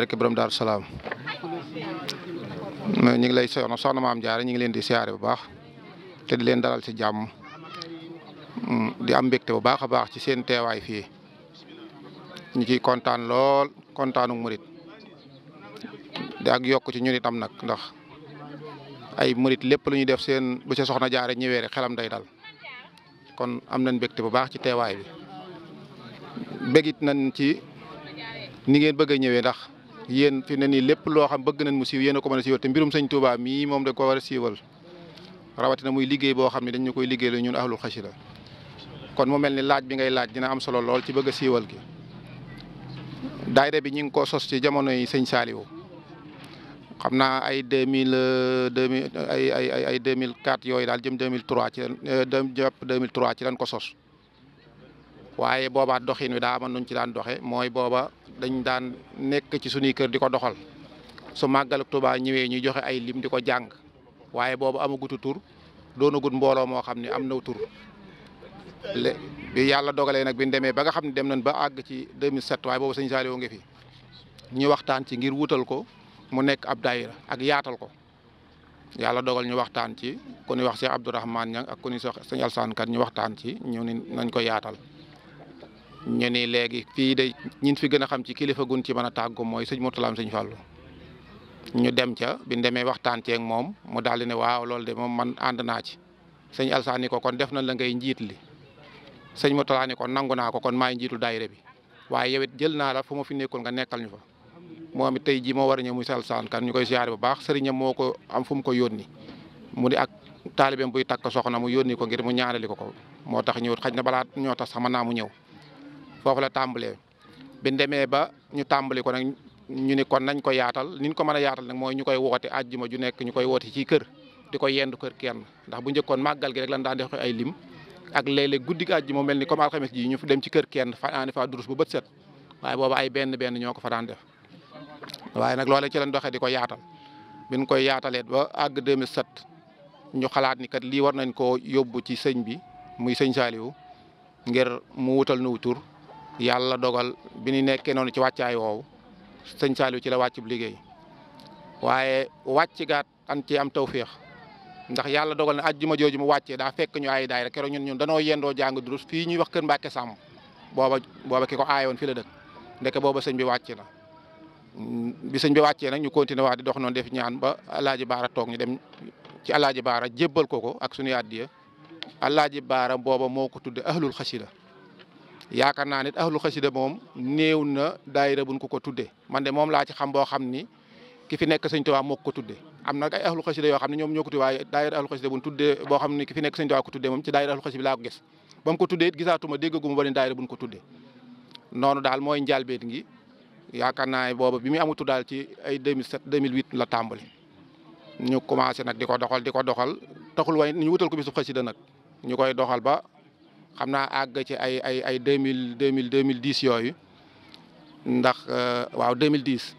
barke borom Daaru Salaam ñu ngi lay soxna soxna maam Jaara ñu ngi leen di siyaare bu baax te di leen dalal ci jàmm mm, di am mbégte bu baax a baax ci seen teewaay fii ñu ciy kontaan lool kontaanu morit di ak yokk ci ñun itam nag ndax ay morit lépp lu ñuy def seen bu ca soxna jaare ñëwee rek xelam day dal kon am nañ mbégte bu baax ci teewaay bi bégit nañ ci ni ngeen ñëwee ndax yéen fi ne nii lépp loo xam bëgg nañ mu siiw yéen a ko mën a siiwal te mbirum sëñ Touba mii moom da ko war a siiwal rawatina muy liggéey boo xam ne dañ ñu koy liggéey la ñun ahlul xasida kon mu mel ni laaj bi ngay laaj dina am solo lool ci bëgg a siiwal gi daayira bi ñu ngi ko sos ci jamono yi sëñ Saliou xam naa ay deux mille deux mille ay ay ay deux mille quatre yooyu daal jëm deux mille trois ci euh, jàpp deux mille trois ci lañ ko sos waaye boobaa doxin wi daa amoon nuñ ci daan doxe mooy booba dañ daan nekk ci suñuy kër di ko doxal su màggal Tuubaa ñëwee ñuy joxe ay lim di ko jàng waaye booba amagutu tur doonagut mbooloo moo xam ne am na tur lé bi yàlla dogalee nag bi ñu demee ba nga xam ne dem nañ ba àgg ci 2007 waaye boobu sëñ Saliou ngi fi ñu waxtaan ci ngir wutal ko mu nekk ab daayira ak yaatal ko yàlla dogal ñu waxtaan ci ku ñuy wax Cheikh Abdourahmane Niang ak ku ñuy wax sëñ Alsaan Kan ñu waxtaan ci ñu nañ ko yaatal ñu ni léegi fii de ñin fi gën a xam ci kilifa gun ci man a tàggu mooy sëñ Murtalaam sëñ Fàllu ñu dem ca bi demee waxtaan ceeg moom mu daal di ne waaw loolu de moom man ànd naa ci sëñ Alsaani ko kon def na la ngay njiit li sëñ Murtala ni ko nangu naa ko kon maay njiitu daayira bi waaye yow jël naa la fu ma fi nekkul nga nekkal ñu fa moom it tey jii moo war a ñëw muy Alsaan kan ñu koy siyaare bu baax sëriña moo ko am fu mu ko yónni mu ni ak taalibeem buy takk soxna mu yónni ko ngir mu ñaanali ko ko moo tax ñëw xaj na balaa ñoo tax sax mën ñëw foofu la tàmbalee bi demee ba ñu tàmbali ko nag ñu ni kon nañ ko yaatal niñ ko mën a yaatal nag mooy ñu koy woote àjjuma ju nekk ñu koy woote ci kër di ko yendu kër kenn ndax bu njëkkoon màggal gi rek lan daan def ay lim ak léeg-léeg guddi gi mel ni comme alxames ji ñu fi dem ci kër kenn fanaani fa durus bu bët set waaye booba ay benn benn ñoo ko fanaan def waaye nag loolee ci lañ doxee di ko yaatal biñ koy yaataleet ba àgg 2007 ñu xalaat ni kat lii war nañ koo yóbbu ci sëñ bi muy sëñ ngir mu wutal nu tur yàlla dogal bi ñu nekkee noonu ci wàccaay woowu sëñ Saliou ci la wàccub liggéey waaye wàcc gaat an ci am tawféex ndax yàlla dogal na ajjuma jooju mu wàccee daa fekk ñu ay daayira keroog ñun ñun danoo yendoo jàng durus fii ñuy wax kër Mbàkke Sàmm booba booba ki ko aayoon fi la dëkk ndeke booba sëñ bi wàcc na bi sëñ bi wàccee nag ñu continué wax di dox noonu def ñaan ba alaaji baara toog ñu dem ci alaaji baara jébbal ko ko ak suñu àddiya alaaji baara booba moo ko tudde ahlul xasida yaakaar naa nit ahlu xasida moom néew na daayira buñ ko ko tuddee man de moom laa ci xam boo xam ni ki fi nekk sëñ Tuubaa moo ko tuddee am na ay yoo xam ne ñoom ñoo ko tuddee waaye daayira ahlu xasida buñ tuddee boo xam ni ki fi nekk sëñ Tuubaa ko tuddee moom ci daayira ahlu ko gis ba mu noonu daal mooy njaalbeen ngi yaakaar naa booba bi muy amutu daal ci ay mil 2008 la tàmbali ñu commencé nag di ko doxal di ko doxal taxul way ñu wutal ko bisu xasida nag ñu koy doxal ba xam naa àgg ci ay ay ay deux mille deux mille deux mille dix yooyu ndax euh, waaw deux mille dix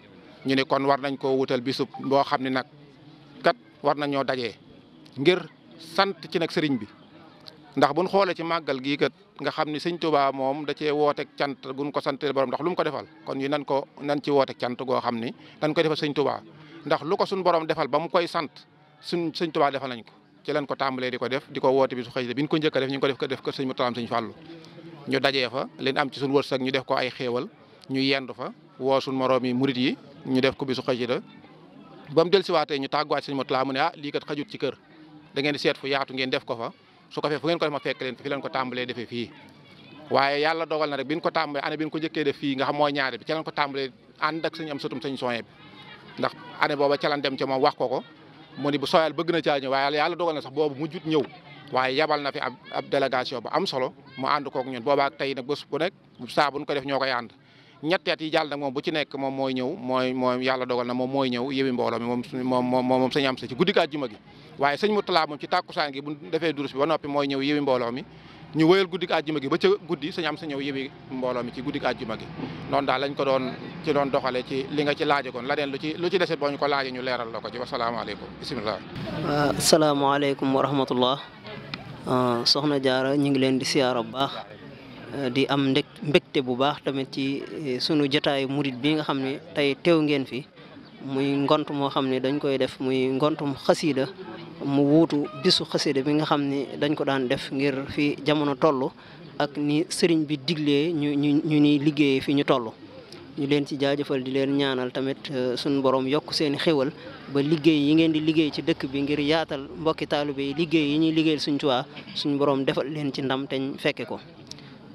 ñu ne kon war nañ koo wutal bisub boo xam ne nag kat war nañ ñoo dajee ngir sant ci nag sëriñ bi ndax buñ xoolee ci màggal gii kat nga xam ni sëñ Tuubaa moom da cee wooteeg cant guñ ko santee borom ndax lu mu ko defal kon ñu nan ko nan ci wooteeg cant goo xam ni dañ koy defal sëñ Tuubaa ndax lu ko suñ borom defal ba mu koy sant suñ sëñ Tuubaa defal nañ ko ci lañ ko tàmbalee di ko def di ko woote bi su xëy bi ñu ko njëkk a def ko def ko def kër sëñ Murtalaam sëñ Fàllu ñu dajee fa leen am ci suñu wërsëg ñu def ko ay xéewal ñu yendu fa woo suñu moroom yi murit yi ñu def ko bisu xasida ba mu del siwaatee ñu tàgguwaat sëñ Murtala mu ne ah lii xajut ci kër da ngeen di seet fu yaatu ngeen def ko fa su ko fee fu ngeen ko def ma fekk leen fi leen ko tàmbalee defe fii waaye yàlla dogal na rek bi ñu ko tàmbalee année bi ñu ko njëkkee def nga xam mooy ñaare bi ko tàmbalee ànd ak sëñ am ndax année booba ca lañ dem ca moom wax ko ko mu ni bu sooyal bëgg na caa ñëw waaye yàlla dogal na sax boobu mujjut ñëw waaye yabal na fi ab ab délégation am solo mu ànd kook ñun boobaak tey nag bés bu nekk ko def ñoo koy ànd ñetti at yi jàll nag moom bu ci nekk moom mooy ñëw mooy mooy yàlla dogal na moom mooy ñëw yëwi mbooloo mi moom moom moom sëñ am sa ci guddi àjjuma gi waaye sëñ Murtala moom ci tàkkusaan gi bu defee durus bi ba mooy ñëw yëwi mbooloo mi ñu wéyal guddik àjjuma gi ba ca guddi sañ am sa ñëw yëbi mbooloo mi ci guddik àjjuma gi noonu daal lañ ko doon ci doon doxale ci li nga ci laaje kon la deen lu ci lu ci deset boo ñu ko laaje ñu leeral la ko ci wasalaamaaleykum bisimilah asalaamaaleykum ah, wa rahmatullah ah, soxna jaara ñu ngi leen di siyaara bu baax ah, di am ndek mbégte bu baax tamit ci eh, sunu jotaayu murit bi nga xam ne tey teew ngeen fi muy ngont moo xam ne dañ koy def muy ngontum xasiida mu wuutu bisu xasida bi nga xam ni dañ ko daan def ngir fi jamono toll ak ni sëriñ bi diglee ñu ñu ñu ñuy liggéeyee fi ñu toll ñu leen ci jaajëfal di leen ñaanal tamit uh, suñu borom yokk seen xéwal ba liggéey yi ngeen di liggéey ci dëkk bi ngir yaatal mbokki taalu yi liggéey yi ñuy liggéeyal suñ tuwaa suñu borom defal leen ci ndam teñ fekke ko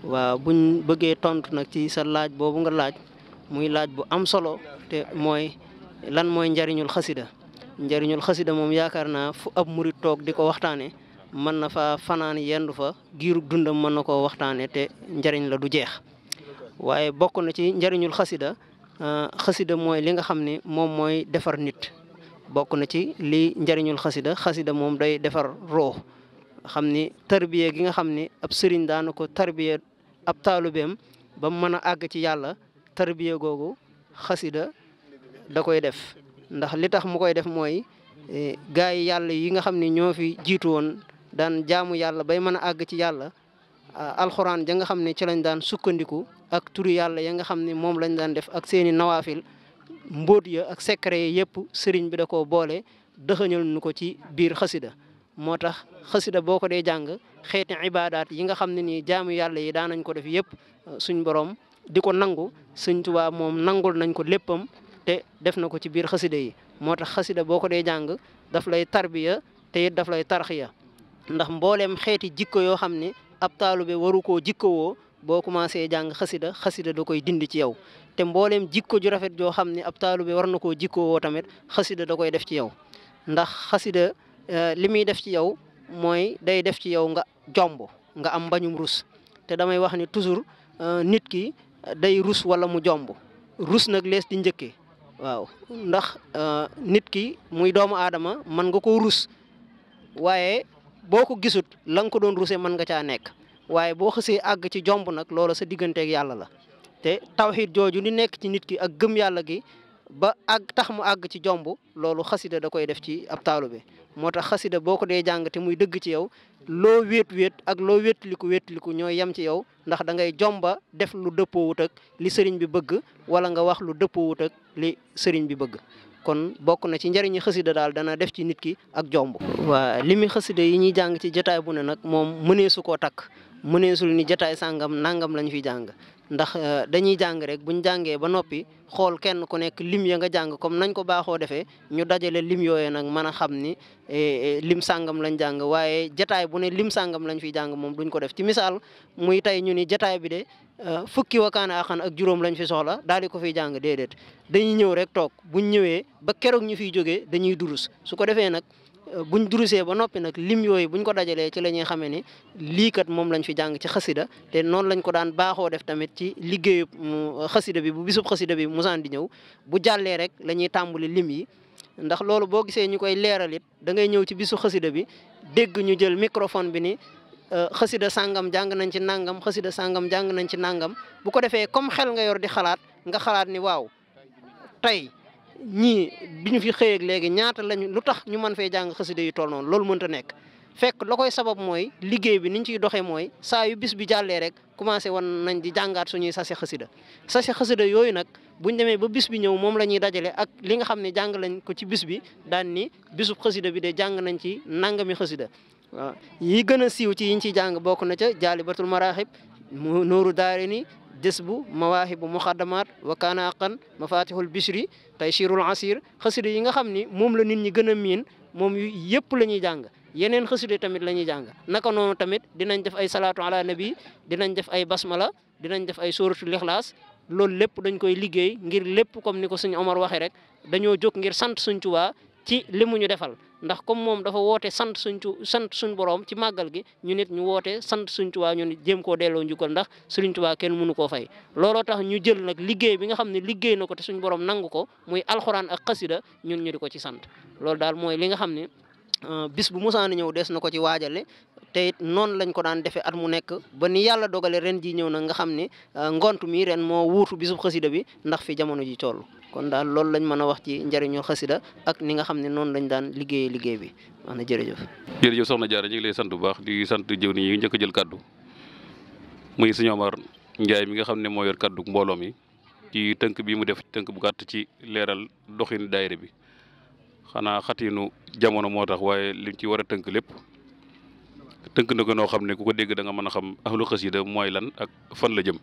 waaw buñ bëggee tontu nag ci sa laaj boobu nga laaj muy laaj bu am solo te mooy lan mooy njariñul xasida njëriñul xasida moom yaakaar naa fu ab murit toog di ko waxtaanee mën na fa fanaan yendu fa giirug dundam mën na koo waxtaanee te njëriñ la du jeex waaye bokk na ci njariñul xasida euh, xasida mooy li nga xam ne moom mooy defar nit bokk na ci li njëriñul xasida xasida moom day defar roo xam ni tarbiya gi nga xam ni ab sëriñ daana ko tarbiya ab taalubeem ba mën a àgg ci yàlla tarbiya googu xasida da koy def ndax li tax mu koy def mooy e, gaa yi yàlla yi nga xam ne ñoo fi jiitu woon daan jaamu yàlla bay mën a àgg ci yàlla alxuraan ja nga xam ne ci lañ daan sukkandiku ak turu yàlla ya nga xam ne moom lañ daan def ak seeni nawaafil mboot ya ak secret yëpp sëriñ bi da ko boole dëxëñal nu ko ci biir xasida moo tax xasida boo ko dee jàng xeeti ibaadaat yi nga xam ne ni jaamu yàlla yi daan nañ ko def yëpp suñ boroom di ko nangu sëñ Tuubaa moom nangul nañ ko léppam te def na ko ci biir xasida yi moo tax xasida boo ko dee jàng daf lay tarbiya te it daf lay tarxiya ndax mbooleem xeeti jikko yoo xam ne ab taalu be waru koo jikkowoo boo commencé jàng xasida xasida da koy dindi ci yow te mbooleem jikko ju rafet joo xam ne ab taalube war na koo jikkowoo tamit xasida da koy def ci yow ndax xasida eh, li muy def ci yow mooy day def ci yow nga jomb nga am mbañum rus te damay wax ni toujours eh, nit ki day rus wala mu jomb rus nag lees di njëkkee waaw ndax euh, nit ki muy doomu aadama mën nga koo rus waaye boo ko gisut la nga ko doon rusee mën nga caa nekk waaye boo xasee àgg ci jomb nag loola sa digganteeg yàlla la te tawxiid jooju di nekk ci nit ki ak gëm yàlla gi ba àgg tax mu àgg ci jomb loolu xasida da koy def ci ab taalu bi moo tax xasida boo ko dee jàng te muy dëgg ci yow loo wéet wéet ak loo wéetliku wéetliku ñoo yem ci yow ndax dangay jomba def lu dëppoowut li sëriñ bi bëgg wala nga wax lu dëppoowut ak li sëriñ bi bëgg kon bokk na ci njëriñi xasida daal dana def ci nit ki ak jomb waa li mi xasida yi ñuy jàng ci jataay bu ne nag moom mëneesu koo takk mëneesul ni jataay sàngam nangam lañ fi jàng ndax euh, dañuy jàng rek buñ jàngee ba noppi xool kenn ku nekk lim ya nga jàng comme nañ ko baaxoo defee ñu dajale lim yooyu nag mën a xam ni e lim sangam lañ jàng waaye jataay bu ne lim sangam lañ fiy jàng moom duñ ko def ci misaal muy tey ñu ni jataay bi de euh, fukki wakaana axan ak juróom lañ fi soxla daal di ko fiy jàng déedéet dañuy ñëw rek toog buñ ñëwee ba keroog ñu fiy jógee dañuy durus su ko defee nag Euh, bu durusee ba noppi nag lim yooyu buñ ko dajalee ci la ñuy xamee ni lii kat moom lañ fi jàng ci xasida te noonu lañ ko daan baaxoo def tamit ci liggéeyub euh, xasida bi bu bisub xasida bi musaan di ñëw bu jàllee rek la ñuy tàmbali lim yi ndax loolu boo gisee ñu koy leeral it da ngay ñëw ci bisu xasida bi dégg ñu jël microphone bi ni euh, xasida sangam jàng nañ ci nangam xasida sangam jàng nañ ci nangam bu ko defee comme xel nga yor di xalaat nga xalaat ni waaw ñii bi ñu fi xëyeeg léegi ñaata lañu lu tax ñu man fee jàng xasida yu toll noonu loolu mënta nekk fekk la koy sabab mooy liggéey bi niñ ciy doxee mooy saa yu bis bi jàllee rek commencé wan nañ di jàngaat suñuy sase xasida sase xasida yooyu nag bu ñu demee ba bis bi ñëw moom la ñuy dajale ak li nga xam ne jàng lañ ko ci bis bi daan ni bisub xasida bi de jàng nañ ci nangami xasida yi gën a siiw ci yiñ ciy jàng bokk na ca jaalibatul maraaxib nuuru daari ni desbu mawaahibu muxaddamaat wa kaana aqan mafatihul bishri taysirul asir xasida yi nga xam ni moom la nit ñi gën a miin moom yëpp la ñuy jàng yeneen xasida tamit la ñuy jàng naka noonu tamit dinañ def ay salaatu ala nabi dinañ def ay basmala dinañ def ay sóoratul ixlaas loolu lépp dañ koy liggéey ngir lépp comme ni ko suñu Omar waxee rek dañoo jóg ngir sant suñ Tuubaa ci li mu ñu defal ndax comme moom dafa woote sant suñ cu sant suñ borom ci màggal gi ñu nit ñu woote sant suñ Tuubaa ñu nit jéem koo delloo njukkal ndax Sëriñ Tuubaa kenn mënu koo fay looloo tax ñu jël nag liggéey bi nga xam ne liggéey na ko te suñ borom nangu ko muy alxuraan a xasida ñun ñu di ko ci sant loolu daal mooy li nga xam ne euh, bis bu musaana ñëw des na ko ci waajale te it noonu lañ ko daan defee at mu nekk ba ni yàlla dogale ren ji ñëw na nga xam ne euh, ngont mi ren moo wuutu bisub xasida bi ndax fi jamono ji toll kon daal loolu lañ mën a wax ci njëriñu xasida ak ni nga xam ne noonu lañ daan liggéeye liggéey bi wax na jërëjëf jërëjëf soxna Diarra ñu ngi lay sant bu baax di sant jëw ni ñu njëkk a jël kaddu muy sëñ Omar njaay mi nga xam ne moo yor kaddu mbooloo mi ci tënk bi mu def tënk bu gàtt ci leeral doxin daayira bi xanaa xatinu jamono moo tax waaye liñ ci war a tënk lépp tënk na ko noo xam ne ku ko dégg danga mën a xam ahlu xasida mooy lan ak fan la jëm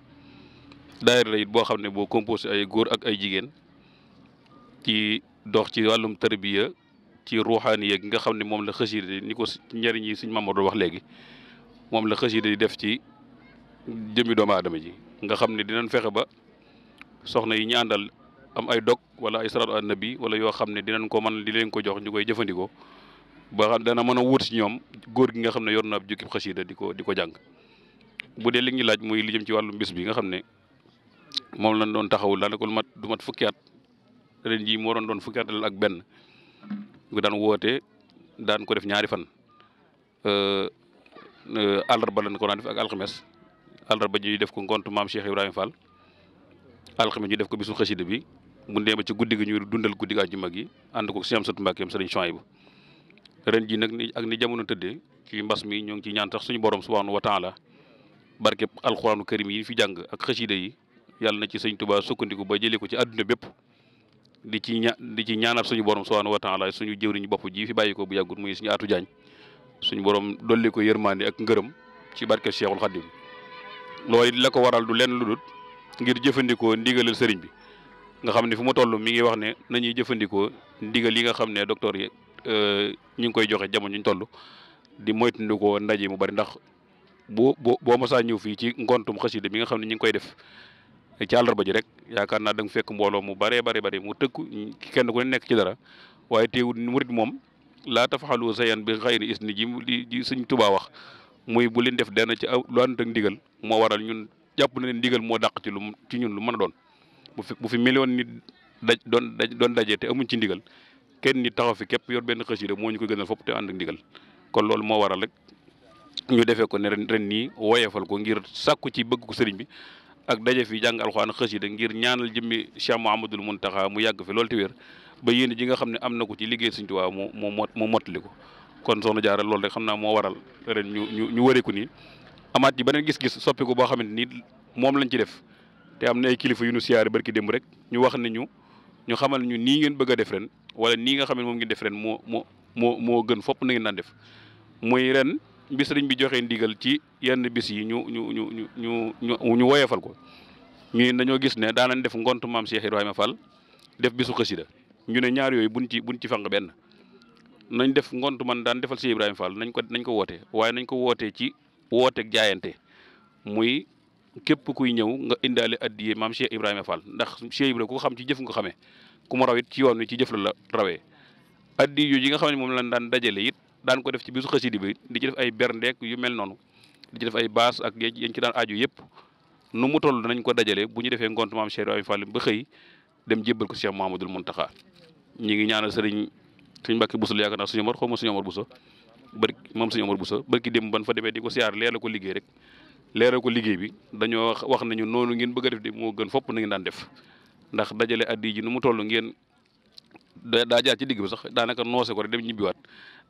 daayira la it boo xam ne boo composé ay góor ak ay jigéen ci dox ci wàllum tarbiya ci ruuxaaniya gi nga xam ne moom la xasida di ni ko njëriñ yi suñ Mamadou wax léegi moom la xasida di def ci jëmmi doomu aadama ji nga xam ne dinañ fexe ba soxna yi ñaandal àndal am ay dog wala ay salaatu an nabi wala yoo xam ne dinañ ko mën di leen ko jox ñu koy jëfandikoo ba xam dana mën a wut si ñoom góor gi nga xam ne yor na ab jukkib xasida di ko di ko jàng bu dee li ngi laaj mooy li jëm ci wàllu bis bi nga xam ne moom lañ doon taxawul daanaka lu mat du mat fukki at ren moo doon doon fukki at ak benn bu daan woote daan ko def ñaari fan àllarba lañ ko daan def ak alxames àllarba ji def ko ngont maam Cheikh Ibrahima Fall alxames ñu def ko bisu xasida bi mu demee ci guddi gi ñu dundal guddi gi àjjuma gi ànd ko si am sëtu Mbàkke am Sëriñ ren ji nag ak ni jamono tëddee ci mbas mi ñoo ngi ci ñaan tax suñu borom subhanahu wa taala barkeb alxuraanu karim yi fi jàng ak xasida yi yàlla na ci suñ tubaa sukkandiku ba jëlee ko ci àdduna bépp di ci ña di ci ñaanal suñu borom subhanahu wa taala suñu jëwriñu bopp ji fi bàyyi ko bu yàggut muy suñu aatu jaañ suñu borom dolli ko yërmaande ak ngërëm ci barkeb Cheikhul Khadim loolu it la ko waral du lenn lu dul ngir jëfandikoo ndigalal sëriñ bi nga xam ne fu mu toll mi ngi wax ne nañuy jëfandikoo ndigal yi nga xam ne docteur yi euh, ñu ngi koy joxe jamono ñu toll di moytandikoo ndaje mu bari ndax bu bu boo masaa ñëw fii ci ngontum xasida mi nga xam ne ñu ngi koy def ci àllarba rek yaakaar naa da nga fekk mbooloo mu baree bari bari mu tëkku kenn ku nekk ci dara waaye teewul murit moom laata faxalu sayan bi xayri isni ji ji suñ tubaa wax muy bu leen def denn ci lu ànd ak ndigal moo waral ñun jàpp na ne ndigal moo dàq ci lu ci ñun lu mën a doon bu fi bu fi million nit daj doon daj doon dajee te amuñ ci ndigal kenn nit taxaw fi képp yor benn xasida moo ñu ko gënal fopp te ànd ak ndigal kon loolu moo waral rek ñu defee ko ne ren nii woyefal ko ngir sàkku ci bëgg ko sëriñ bi ak daje fi jàng alxuraan xasida ngir ñaanal jëmmi Cheikh Mouhamadul Mountakha mu yàgg fi loolu te wér ba yéen ji nga xam ne am na ko ci liggéey Sëriñ Tuubaa mu mu mot mu ko kon soxna Jaara loolu rek xam na moo waral ren ñu ñu ñu wëriku nii amaat ci beneen gis-gis soppiku boo xamante ni moom lañ ci def te am na kilifa yu ñu siyaare barki démb rek ñu wax ne ñu ñu xamal ñu nii ngeen bëgg a def ren wala nii nga xam ne moom ngi def ren moo moo moo moo gën fopp na ngeen daan def muy ren bi sëriñ bi joxe ndigal ci yenn bis yi ñu ñu ñu ñu ñu ñu ñu woyefal ko ñun nañoo gis ne daan nañ def ngont maam Cheikh Ibrahima Fall def bisu xasida ñu ne ñaar yooyu buñ ci buñ ci fang benn nañ def ngont man daan defal Cheikh Ibrahima Fall nañ ko nañ ko woote waaye nañ ko wootee ci wooteeg jaayante muy képp kuy ñëw nga indaale addiye maam Cheikh Ibrahima Fall ndax Cheikh Ibrahima ku ko xam ci jëf nga xamee ku mu raw it ci yoon wi ci jëf la la rawee addi yu yi nga xam ne moom lañ daan dajale it daan ko def ci bisu xasidi bi di ci def ay berndeek yu mel noonu ay baas ak yéen ci daan aju yëpp nu mu toll danañ ko dajale bu ñu defee ngont maam Cheikh Ibrahima Fall ba xëy dem jébbal ko Cheikh Mouhamadoul Mountakha ñi ngi ñaanal sëriñ suñ mbàkki busa la yaakaar naa suñu Omar xaw ma suñu Omar busa barki moom suñu Omar busa barki dem ban fa demee di ko siyaar leer la ko liggéey rek leereeku liggéey bi dañoo wax nañu noonu ngeen bëgg a def di moo gën fopp na ngeen daan def ndax dajale addi ji nu mu toll ngeen daa jaar ci digg bi sax daanaka noose ko rek dem ñibbiwaat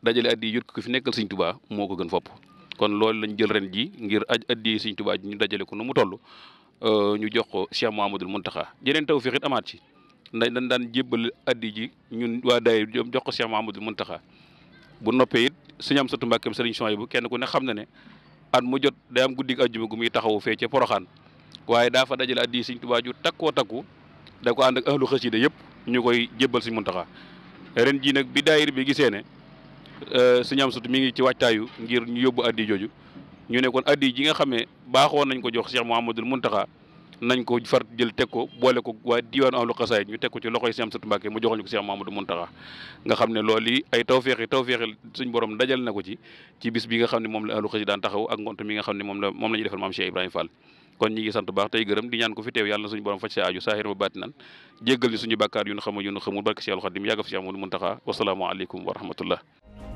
dajale addi yi yot fi nekkal Sëñ Tuubaa moo ko gën fopp kon loolu lañ jël ren ji ngir aj addi Sëñ Tuubaa ñu dajale ko nu mu toll euh, ñu jox ko Cheikh Mouhamadoul Mountakha jeneen taw fiixit amaat ci ndax dañ daan jébbal addi ji ñun waa daay jox ko Cheikh Mouhamadoul taxa bu noppee it suñu am satu mbàkkeem sëriñ son yi bu kenn ku ne xam na ne an mu jot day am guddig ajjuma gu muy taxawu fee ca poroxaan waaye daa fa dajale addi Sëriñ Tuubaa ju takkoo takku da ko ànd ak ahlu xasida yëpp ñu koy jébbal Sëriñ Muntaxa ren jii nag bi daayir bi gisee ne euh, Sëriñ Amsatu mi ngi ci waajtaayu ngir ñu yóbbu addi jooju ñu ne kon addi ji nga xam ne baaxoon nañ ko jox Cheikh Mouhamadul Muntaxa nañ ko far jël teg ko boole ko waa diwaanu ahlu ñu teg ko ci loxoy Sëñ Amsatu Mbàkke mu joxal ñu ko Cheikh Mamadou Muntaxa nga xam ne loolu yi ay tawféexi tawféexi suñ borom dajal na ko ci ci bis bi nga xam ne moom la ahlu xasaayid daan taxaw ak ngont mi nga xam ne moom la moom la ñu defal maam Cheikh Ibrahima Fall kon ñi sant baax tey gërëm di ñaan ko fi teew yàlla na suñu borom faj sa aju saahir ba baatinan jéggal ni suñu bàkkaar yu nu yu nu xamul barke Cheikhul Xadim yàgga fi Cheikh Mamadou Muntaxa wasalaamu aleykum wa rahmatullah